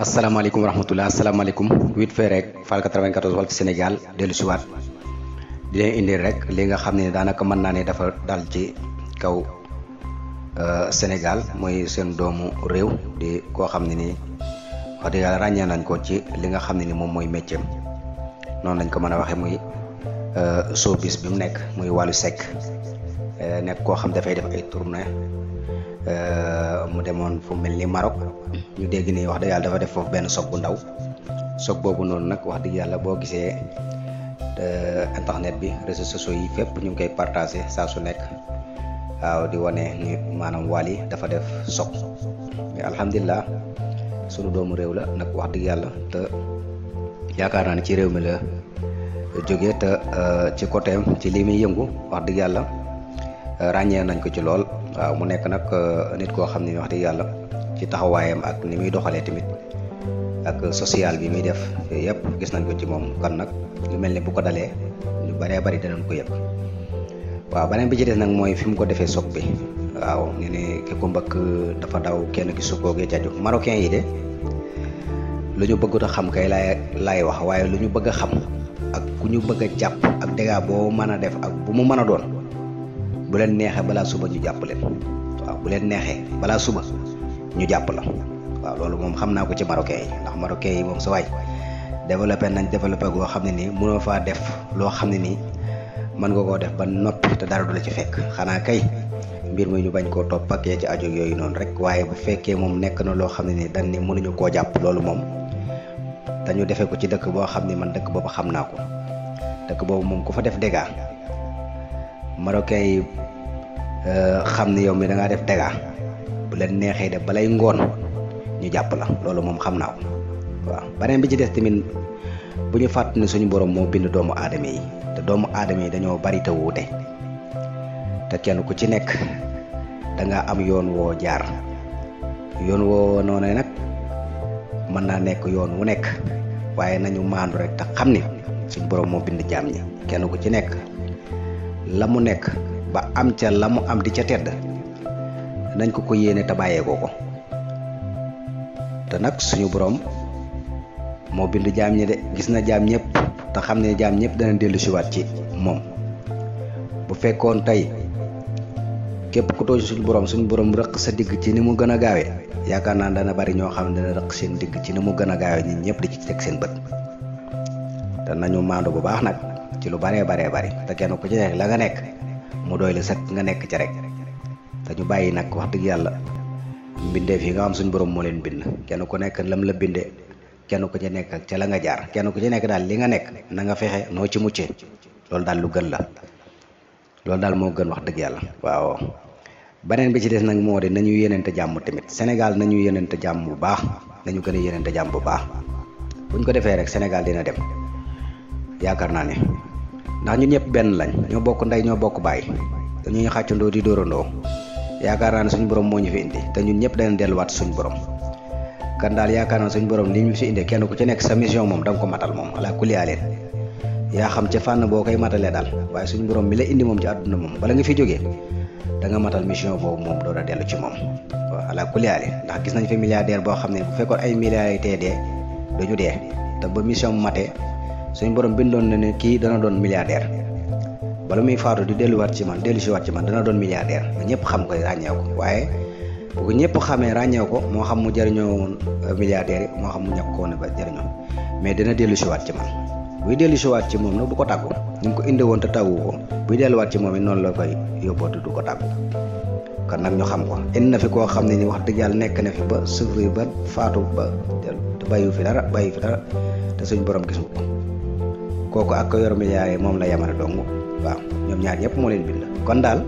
asalaamaaleykum wa rahmatulah asalaamaaleykum 8 fay rek Fall 94 Walf Sénégal dellu si waat di leen indi rek li nga xam ne daanaka mën naa ne dafa dal ci kaw euh, senegal mooy seen doomu réew di koo xam ne nii wax dëgg ràññee nañ ko ci li nga xam ne ni moom mooy métier noonu lañ ko mën a waxee muy euh, showbiz bi mu nekk muy wallu Seck euh, nekk koo xam dafay def ay tournée Euh, mu demoon fu mel ni Maroc ñu dégg ni wax dëgg dafa def foofu benn soog bu ndaw soog boobu noonu nag wax dëgg yàlla boo gisee euh, internet bi réseaux sociaux yi fépp ñu ngi koy partagé saa su nekk waaw di wane ni maanaam Wally dafa def soog mais alhamdulilah sunu doomu réew la nag wax dëgg yàlla te yaakaar naa ne ci réew mi la jógee te euh, ci côté ci lii muy yëngu wax dëgg yàlla ràññee nañ ko ci lool. waaw mu nekk nag euh, nit koo xam ne wax dëgg yàlla ci taxawaayam ak ni muy doxalee tamit ak social bi muy def yëpp gis nañ ko ci moom kon nag lu mel ni bu ko dalee lu baree bari danañ ko yëpp waaw beneen bi ci des nag mooy fi mu ko defee soog bi waaw ñu ne ki ko mbëkk dafa daw kenn ki sukkoo gi jaju marocain yi de lu ñu bëggut a xam kay laay laay wax waaye lu ñu bëgg a xam ak ku ñu bëgg a jàpp ak dégâts boo mën a def ak bu mu mën a doon bu leen neexee balaa suba ñu jàpp leen bu leen neexee balaa suba ñu jàpp la waaw loolu moom xam naa ko ci marocain yi ndax marocain yi moom sa waay développé nañ développé goo xam ne nii mënoo faa def loo xam ne nii mën nga koo def ba noppi te dara du la ci fekk xanaa kay mbir mi ñu bañ koo topp ak ci aju yooyu noonu rek waaye bu fekkee moom nekk na loo xam ne nii dañ nii mënuñu koo jàpp loolu moom dañu defee ko ci dëkk boo xam ne man dëkk boobu xam naa ko dëkk boobu moom ku fa def dégâts marocain yi euh, xam ne yow mi da ngaa def tega bu leen neexee def balay ngoon ñu jàpp la loolu moom xam naa ko beneen bi ci des tamit bu ñu fàtt ne suñu borom moo bind doomu aadama yi te doomu aadama yi dañoo bari te wuute te kenn ku ci nekk da am yoon woo jaar yoon woo noonu nag mën naa nekk yoon wu nekk waaye nañu maandu rek te xam ni suñu borom moo bind jaam ñi kenn ku ci nekk. la mu nekk ba am ca la mu am di ca tedd nañ ko ko yéene te ko te nag suñu boroom moo bind jaam ñi de gis na jaam ñëpp te xam ne jaam ñëpp dana dellusiwaat ci moom bu fekkoon tey képp ku tooñ suñu borom suñu borom rëq sa digg ci ni mu gën a gaawee yaakaar naa dana bari ñoo xam ne dana rëq seen digg ci ni mu gën a gaawee ñi ñëpp di ci teg seen bët te nañu maandu bu baax nag ci lu baree baree bari te kenn ko ci nekk la nga nekk mu doy la sax nga nekk ci rek te ñu bàyyi nag wax dëgg yàlla mbindeef yi nga am suñu borom moo leen bind kenn ku nekk lam la bindee kenn ku ci nekk ak ca la nga jaar kenn ku ci nekk daal li nga nekk na nga fexe noo ci muccee loolu daal lu gën la loolu daal moo gën wax dëgg yàlla waaw. beneen bi ci des nag moo di nañu yéeneente jàmm tamit Sénégal nañu yéeneente jàmm bu baax nañu gën a yéeneente jàmm bu baax buñ ko defee rek Sénégal dina dem. yaakaar naa ne ndax ñun ñëpp benn lañ ñoo bokk ndey ñoo bokk baay dañuy xàccandoo di dóorandoo yaakaar naa ne suñu borom moo ñu fi indi te ñun ñëpp danañ delluwaat suñu borom kan daal yaakaar naa suñ borom li ñu fi indi kenn ku ci nekk sa mission moom danga ko matal moom ala kulli yaa xam ca fànn boo koy matalee daal waaye suñ borom mi la indi moom ci àdduna moom bala nga fi jógee da matal mission boobu moom doora dellu ci moom waaw ala ndax gis nañ fi milliardaire boo xam ne bu fekkoon ay milliards yi tee dee dañu dee te ba mission mu matee suñ borom bindoon na ne kii dana doon milliardaire bala muy faatu di delluwaat ci man dellu siwaat ci man dana doon milliardaire ba ñëpp xam ko ràññeeku ko waaye bu ko ñëpp xamee ràññeew ko moo xam mu jëriñoo woon euh, milliardaire moo xam mu ñàkk woon ba jëriñoo mais dana dellu siwaat ci man buy dellu siwaat ci moom nag du ko tàggu ñu mu ko indi woon te tàggu ko buy delluwaat ci moom it noonu la koy yóbboote du ko tàggu kon nag ñu xam ko indi na fi koo xam ne ni wax dëgg yàlla nekk na fi ba souffrir ba faatu ba bayu fi fi dara te suñ borom gis ko kooku ak ko yor milliards yi moom la yamale dong waaw ñoom ñaar ñëpp moo leen bind kon daal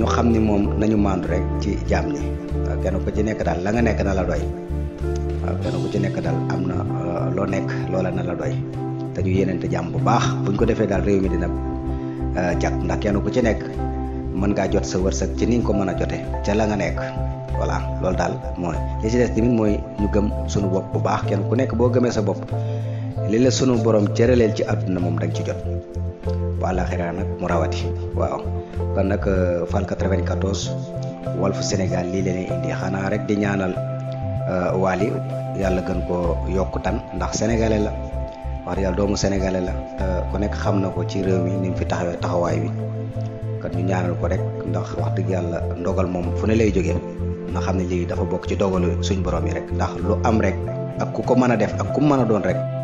ñu xam ni moom nañu maandu rek ci jaam ñi waaw ku ci nekk daal la nga nekk na la ci nekk daal am na euh, loo nekk loola na la doy te ñu yéeneente jàmm bu baax buñ ko defee daal réew mi dina euh, jag ndax kenn ku ci nekk mën ngaa jot sa wërsëg ci ni ko mën a jote ca la nga nekk voilà loolu daal mooy li ci des tamit mooy ñu gëm sunu bopp bu baax kenn ku nekk boo gëmee sa bopp li la sunu borom leen ci àdduna moom da ci jot bu àllaaxira nag mu rawati waaw kon nag euh, Fall 94 Walf Sénégal lii la leen indi xanaa rek di ñaanal euh, Wally yàlla gën koo yokku ndax sénégalais la wax doomu sénégalais la ku nekk xam na ko ci réew mi ni fi taxawee taxawaay bi kat ñu ñaanal ko rek ndax wax dëgg yàlla ndogal moom fu ne lay jógee nga xam ne lii dafa bokk ci dogalu suñ borom yi rek ndax lu am rek ak ku ko mën a def ak ku mën a doon rek